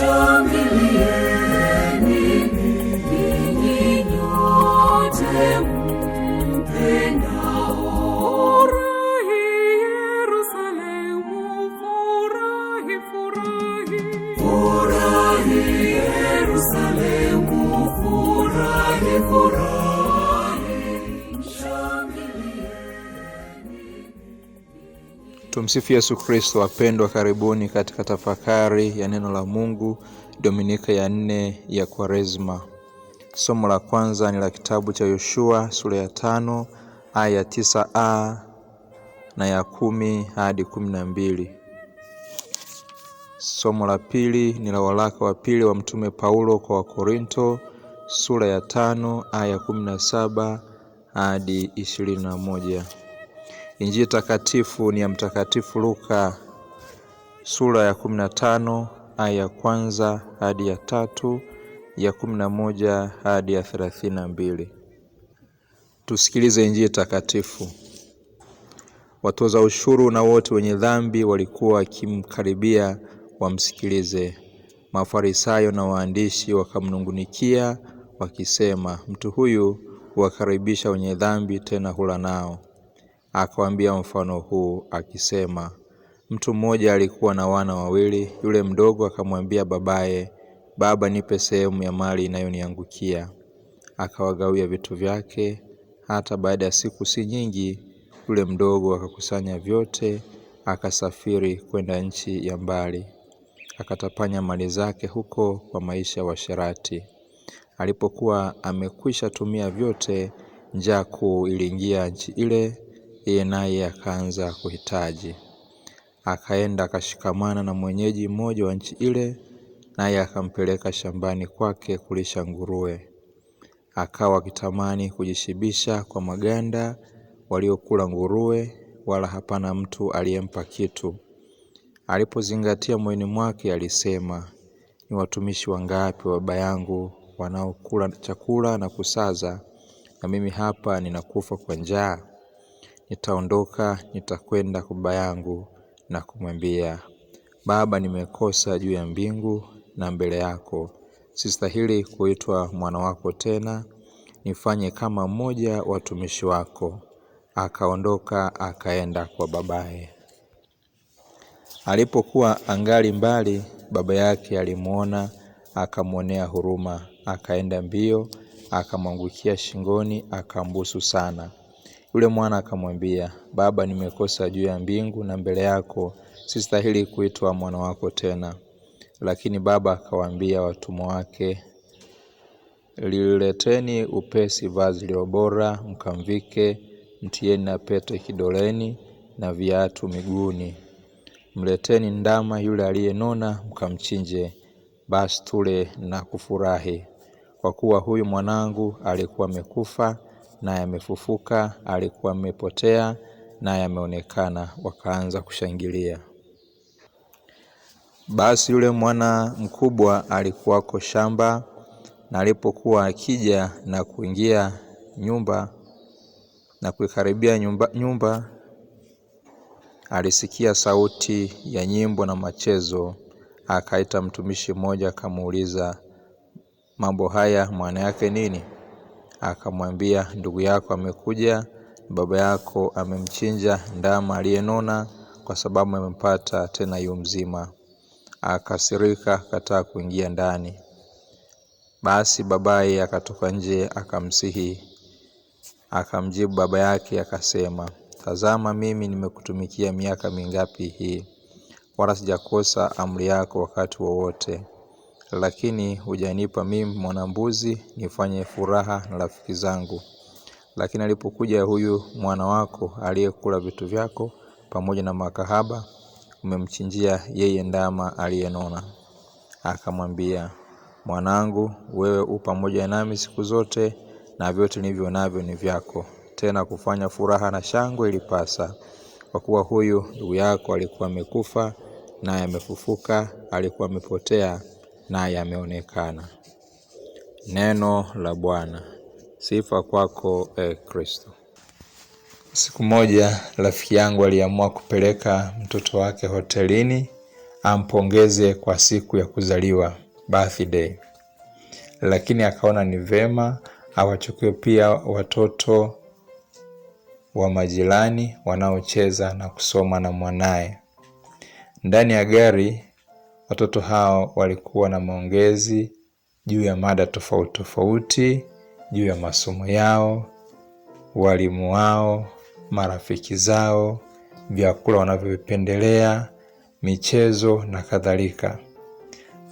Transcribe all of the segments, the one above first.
Shangilieni ninyi nyote Tumsifu Yesu Kristo. Wapendwa, karibuni katika tafakari ya neno la Mungu, Dominika ya nne ya Kwaresma. Somo la kwanza ni la kitabu cha Yoshua sura ya tano aya ya tisa a na ya kumi hadi kumi na mbili. Somo la pili ni la waraka wa pili wa Mtume Paulo kwa Wakorinto sura ya tano aya ya kumi na saba hadi ishirini na moja. Injili takatifu ni ya Mtakatifu Luka sura ya kumi na tano aya ya kwanza hadi ya tatu ya kumi na moja hadi ya thelathini na mbili. Tusikilize Injili takatifu. Watoza ushuru na wote wenye dhambi walikuwa wakimkaribia wamsikilize. Mafarisayo na waandishi wakamnungunikia wakisema, mtu huyu huwakaribisha wenye dhambi, tena hula nao. Akawaambia mfano huu akisema, mtu mmoja alikuwa na wana wawili. Yule mdogo akamwambia babaye, Baba, nipe sehemu ya mali inayoniangukia. Akawagawia vitu vyake. Hata baada ya siku si nyingi, yule mdogo akakusanya vyote, akasafiri kwenda nchi ya mbali, akatapanya mali zake huko kwa maisha wa sharati. Alipokuwa amekwisha tumia vyote, njaa kuu iliingia nchi ile, yeye naye akaanza kuhitaji. Akaenda akashikamana na mwenyeji mmoja wa nchi ile, naye akampeleka shambani kwake kulisha nguruwe. Akawa akitamani kujishibisha kwa maganda waliokula nguruwe, wala hapana mtu aliyempa kitu. Alipozingatia moyoni mwake, alisema, ni watumishi wangapi wa baba yangu wanaokula chakula na kusaza, na mimi hapa ninakufa kwa njaa? Nitaondoka, nitakwenda kwa baba yangu na kumwambia, Baba nimekosa juu ya mbingu na mbele yako. Sistahili kuitwa mwana wako tena, nifanye kama mmoja wa watumishi wako. Akaondoka akaenda kwa babaye. Alipokuwa angali mbali, baba yake alimwona, akamwonea huruma, akaenda mbio, akamwangukia shingoni, akambusu sana. Yule mwana akamwambia, Baba, nimekosa juu ya mbingu na mbele yako, sistahili kuitwa mwana wako tena. Lakini baba akawaambia watumwa wake, Lileteni upesi vazi lio bora, mkamvike, mtieni na pete kidoleni na viatu miguuni. Mleteni ndama yule aliyenona, mkamchinje. Basi tule na kufurahi, kwa kuwa huyu mwanangu alikuwa amekufa naye amefufuka, alikuwa amepotea naye ameonekana. Wakaanza kushangilia. Basi yule mwana mkubwa alikuwako shamba, na alipokuwa akija na kuingia nyumba na kuikaribia nyumba, nyumba alisikia sauti ya nyimbo na machezo. Akaita mtumishi mmoja akamuuliza, mambo haya maana yake nini? akamwambia, ndugu yako amekuja, baba yako amemchinja ndama aliyenona, kwa sababu amempata tena yu mzima. Akasirika, akataa kuingia ndani. Basi babaye akatoka nje, akamsihi. Akamjibu baba yake akasema, tazama, mimi nimekutumikia miaka mingapi hii, wala sijakosa amri yako wakati wowote lakini hujanipa mimi mwanambuzi nifanye furaha na rafiki zangu. Lakini alipokuja huyu mwana wako aliyekula vitu vyako pamoja na makahaba umemchinjia yeye ndama aliyenona. Akamwambia, mwanangu, wewe u pamoja nami siku zote na vyote nilivyo navyo ni vyako. Tena kufanya furaha na shangwe ilipasa, kwa kuwa huyu ndugu yako alikuwa amekufa naye amefufuka, alikuwa amepotea na yameonekana. Neno la Bwana. Sifa kwako e Kristo. Siku moja rafiki yangu aliamua kupeleka mtoto wake hotelini ampongeze kwa siku ya kuzaliwa birthday, lakini akaona ni vema awachukue pia watoto wa majirani wanaocheza na kusoma na mwanaye. Ndani ya gari Watoto hao walikuwa na maongezi juu ya mada tofauti tofauti, juu ya masomo yao, walimu wao, marafiki zao, vyakula wanavyovipendelea, michezo na kadhalika.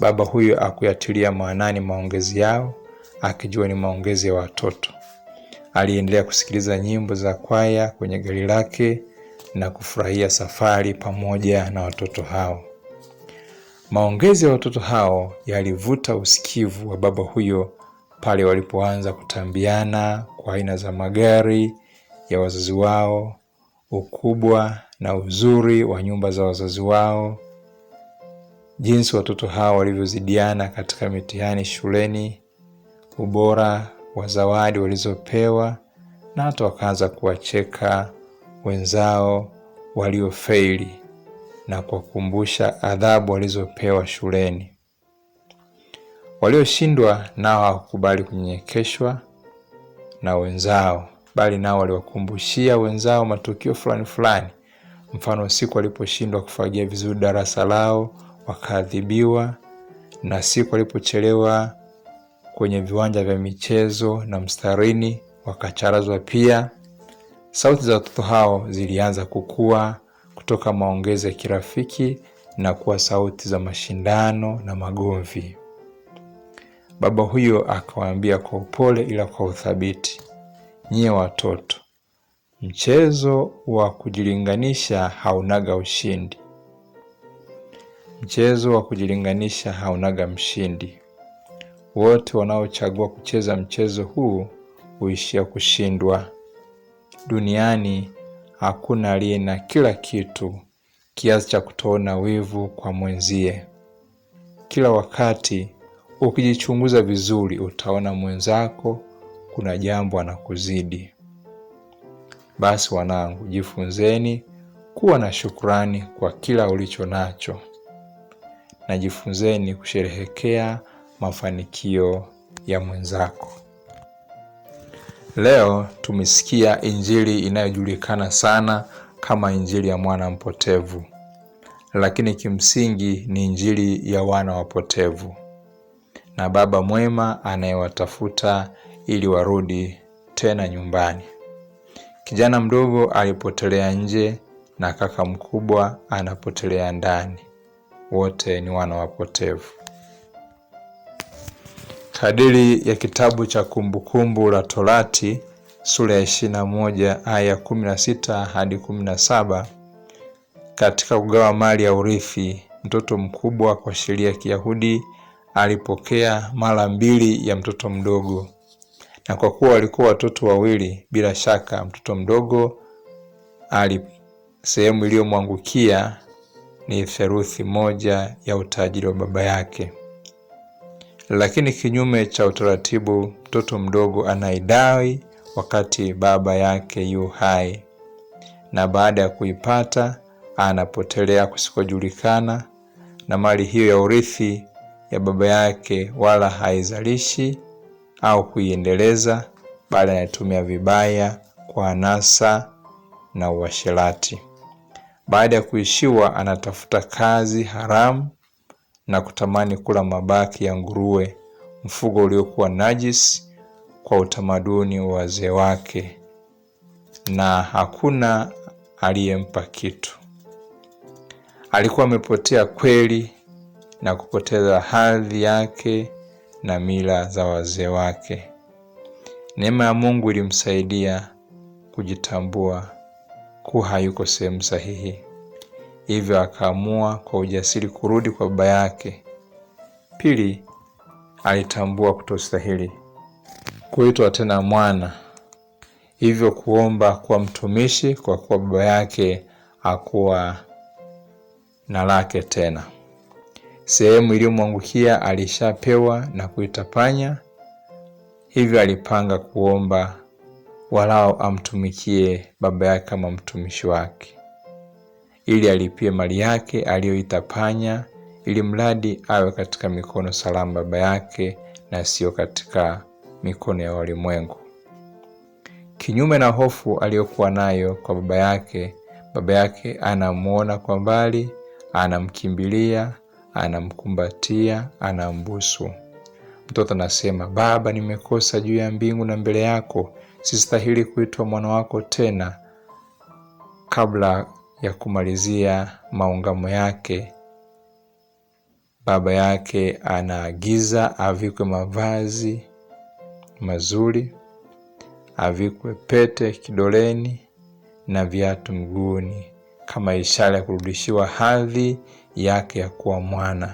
Baba huyo akuyatilia maanani maongezi yao, akijua ni maongezi ya watoto. Aliendelea kusikiliza nyimbo za kwaya kwenye gari lake na kufurahia safari pamoja na watoto hao. Maongezi ya watoto hao yalivuta usikivu wa baba huyo pale walipoanza kutambiana kwa aina za magari ya wazazi wao, ukubwa na uzuri wa nyumba za wazazi wao, jinsi watoto hao walivyozidiana katika mitihani shuleni, ubora wa zawadi walizopewa, na hata wakaanza kuwacheka wenzao waliofeili na kuwakumbusha adhabu walizopewa shuleni. Walioshindwa nao hawakubali kunyenyekeshwa na wenzao, bali nao waliwakumbushia wenzao matukio fulani fulani. Mfano, siku waliposhindwa kufagia vizuri darasa lao wakaadhibiwa, na siku walipochelewa kwenye viwanja vya michezo na mstarini wakacharazwa pia. Sauti za watoto hao zilianza kukua kutoka maongezi ya kirafiki na kuwa sauti za mashindano na magomvi. Baba huyo akawaambia kwa upole ila kwa uthabiti, nyie watoto, mchezo wa kujilinganisha haunaga ushindi. Mchezo wa kujilinganisha haunaga mshindi. Wote wanaochagua kucheza mchezo huu huishia kushindwa. Duniani hakuna aliye na kila kitu kiasi cha kutoona wivu kwa mwenzie. Kila wakati ukijichunguza vizuri, utaona mwenzako kuna jambo anakuzidi. Basi wanangu, jifunzeni kuwa na shukrani kwa kila ulicho nacho, na jifunzeni kusherehekea mafanikio ya mwenzako. Leo tumesikia injili inayojulikana sana kama injili ya mwana mpotevu, lakini kimsingi ni injili ya wana wapotevu na baba mwema anayewatafuta ili warudi tena nyumbani. Kijana mdogo alipotelea nje na kaka mkubwa anapotelea ndani. Wote ni wana wapotevu. Kadiri ya kitabu cha Kumbukumbu la Torati sura ya moja aya sita hadi saba katika kugawa mali ya urithi, mtoto mkubwa kwa sheria ya Kiyahudi alipokea mara mbili ya mtoto mdogo, na kwa kuwa walikuwa watoto wawili, bila shaka mtoto mdogo ali sehemu iliyomwangukia ni theluthi moja ya utajiri wa baba yake lakini kinyume cha utaratibu, mtoto mdogo anaidai wakati baba yake yu hai, na baada ya kuipata anapotelea kusikojulikana, na mali hiyo ya urithi ya baba yake wala haizalishi au kuiendeleza, bali anatumia vibaya kwa anasa na uasherati. Baada ya kuishiwa, anatafuta kazi haramu na kutamani kula mabaki ya nguruwe, mfugo uliokuwa najisi kwa utamaduni wa wazee wake, na hakuna aliyempa kitu. Alikuwa amepotea kweli na kupoteza hadhi yake na mila za wazee wake. Neema ya Mungu ilimsaidia kujitambua kuwa hayuko sehemu sahihi hivyo akaamua kwa ujasiri kurudi kwa baba yake. Pili, alitambua kutostahili kuitwa tena mwana, hivyo kuomba kuwa mtumishi, kwa kuwa baba yake hakuwa na lake tena. Sehemu iliyomwangukia alishapewa na kuitapanya, hivyo alipanga kuomba walao amtumikie baba yake kama mtumishi wake ili alipie mali yake aliyoitapanya, ili mradi awe katika mikono salama Baba yake na siyo katika mikono ya walimwengu. Kinyume na hofu aliyokuwa nayo kwa baba yake, baba yake anamwona kwa mbali, anamkimbilia, anamkumbatia, anambusu. Mtoto anasema, Baba, nimekosa juu ya mbingu na mbele yako, sistahili kuitwa mwana wako tena. Kabla ya kumalizia maungamo yake, baba yake anaagiza avikwe mavazi mazuri, avikwe pete kidoleni na viatu mguuni, kama ishara ya kurudishiwa hadhi yake ya kuwa mwana.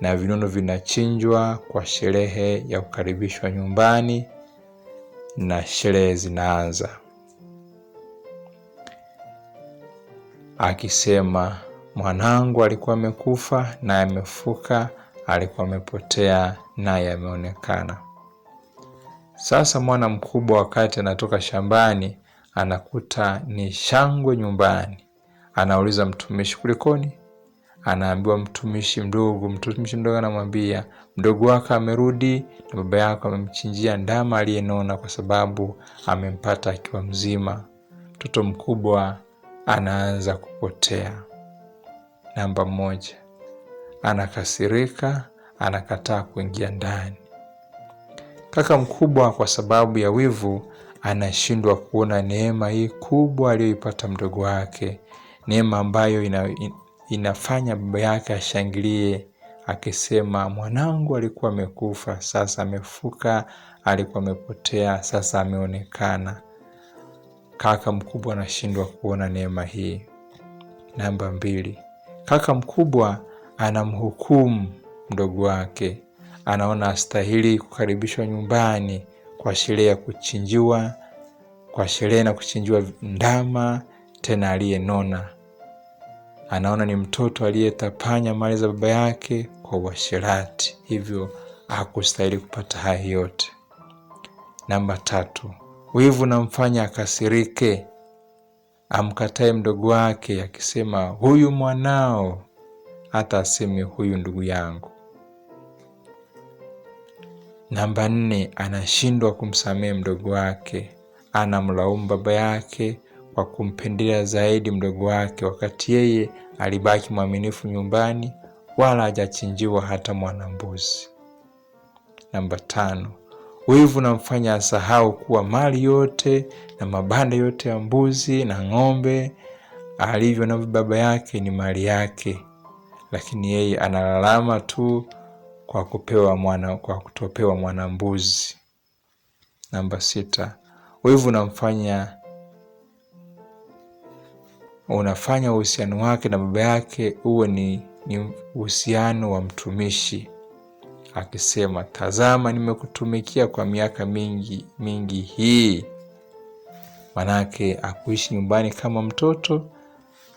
Na vinono vinachinjwa kwa sherehe ya kukaribishwa nyumbani, na sherehe zinaanza. akisema, mwanangu alikuwa amekufa naye amefuka alikuwa amepotea naye ameonekana. Sasa mwana mkubwa wakati anatoka shambani anakuta ni shangwe nyumbani, anauliza mtumishi, kulikoni? Anaambiwa mtumishi mdogo. Mtumishi mdogo anamwambia, mdogo wako amerudi na baba yako amemchinjia ndama aliyenona, kwa sababu amempata akiwa mzima. Mtoto mkubwa anaanza kupotea. Namba moja, anakasirika, anakataa kuingia ndani. Kaka mkubwa, kwa sababu ya wivu, anashindwa kuona neema hii kubwa aliyoipata mdogo wake, neema ambayo ina, inafanya baba yake ashangilie akisema, mwanangu alikuwa amekufa, sasa amefuka, alikuwa amepotea, sasa ameonekana kaka mkubwa anashindwa kuona neema hii. Namba mbili, kaka mkubwa anamhukumu mdogo wake, anaona astahili kukaribishwa nyumbani kwa sherehe ya kuchinjiwa, kwa sherehe na kuchinjiwa ndama, tena aliyenona. Anaona ni mtoto aliyetapanya mali za baba yake kwa uasherati, hivyo hakustahili kupata haya yote. Namba tatu, Wivu namfanya akasirike, amkatae mdogo wake akisema huyu mwanao, hata aseme huyu ndugu yangu. Namba nne, anashindwa kumsamehe mdogo wake, anamlaumu baba yake kwa kumpendelea zaidi mdogo wake, wakati yeye alibaki mwaminifu nyumbani, wala hajachinjiwa hata mwanambuzi. Namba tano Wivu namfanya asahau kuwa mali yote na mabanda yote ya mbuzi na ng'ombe alivyo navyo baba yake ni mali yake, lakini yeye analalama tu kwa kupewa mwana, kwa kutopewa mwana mbuzi. Namba sita, wivu namfanya unafanya uhusiano wake na baba yake uwe ni uhusiano wa mtumishi akisema, tazama, nimekutumikia kwa miaka mingi mingi hii. Manake akuishi nyumbani kama mtoto,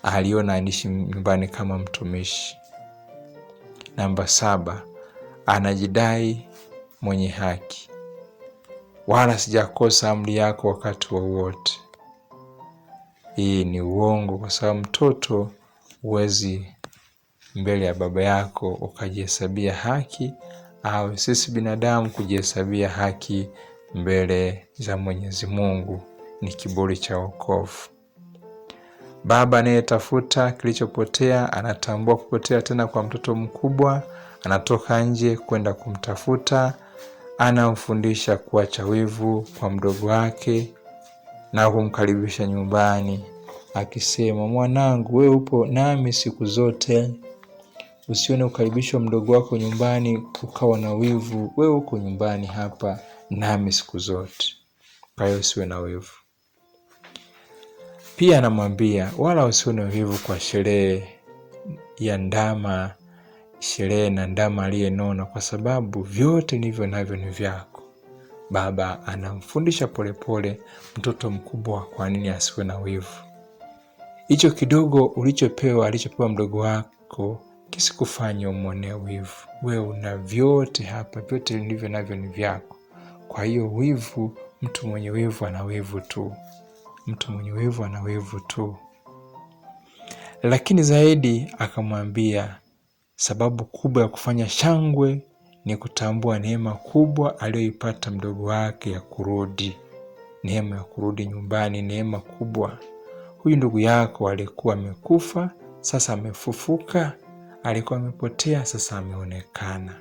aliona anishi nyumbani kama mtumishi. Namba saba, anajidai mwenye haki, wala sijakosa amri yako wakati wowote hii ni uongo, kwa sababu mtoto huwezi mbele ya baba yako ukajihesabia haki awe sisi binadamu kujihesabia haki mbele za Mwenyezi Mungu ni kiburi cha wokovu. Baba anayetafuta kilichopotea anatambua kupotea tena kwa mtoto mkubwa, anatoka nje kwenda kumtafuta, anamfundisha kuacha wivu kwa mdogo wake na kumkaribisha nyumbani akisema, mwanangu, wewe upo nami siku zote. Usione ukaribishwa mdogo wako nyumbani ukawa na wivu, wewe uko nyumbani hapa nami siku zote. Kwa hiyo usiwe na wivu. Pia anamwambia wala usiwe na wivu kwa sherehe ya ndama, sherehe na ndama aliyenona, kwa sababu vyote nivyo navyo ni vyako. Baba anamfundisha polepole mtoto mkubwa kwa nini asiwe na wivu. Hicho kidogo ulichopewa, alichopewa mdogo wako kisikufanye umwonee wivu. Wewe una vyote hapa, vyote ndivyo navyo ni vyako. Kwa hiyo wivu, mtu mwenye wivu ana wivu tu, mtu mwenye wivu ana wivu tu. Lakini zaidi akamwambia, sababu kubwa ya kufanya shangwe ni kutambua neema kubwa aliyoipata mdogo wake ya kurudi, neema ya kurudi nyumbani, neema kubwa. Huyu ndugu yako alikuwa amekufa, sasa amefufuka alikuwa amepotea, sasa ameonekana.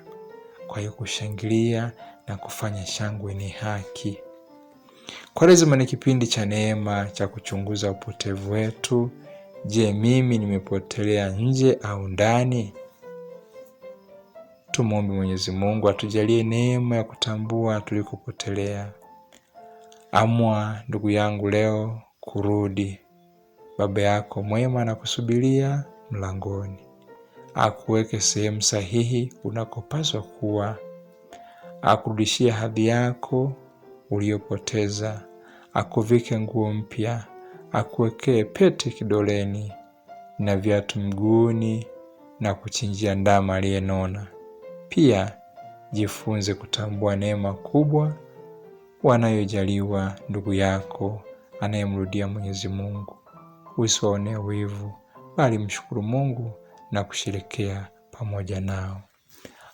Kwa hiyo kushangilia na kufanya shangwe ni haki. Kwaresima ni kipindi cha neema cha kuchunguza upotevu wetu. Je, mimi nimepotelea nje au ndani? Tumwombe Mwenyezi Mungu atujalie neema ya kutambua tulikopotelea. Amwa ndugu yangu leo kurudi, baba yako mwema anakusubiria mlangoni akuweke sehemu sahihi unakopaswa kuwa, akurudishie hadhi yako uliyopoteza, akuvike nguo mpya, akuwekee pete kidoleni na viatu mguuni na kuchinjia ndama aliyenona. Pia jifunze kutambua neema kubwa wanayojaliwa ndugu yako anayemrudia Mwenyezi Mungu. Usiwaonee wivu, bali mshukuru Mungu na kusherekea pamoja nao.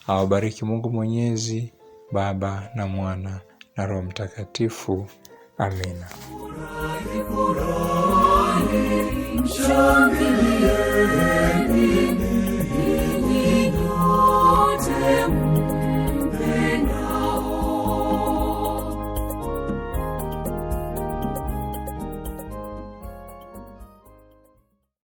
Awabariki Mungu Mwenyezi, Baba na Mwana na Roho Mtakatifu. Amina. Furahi, furahi,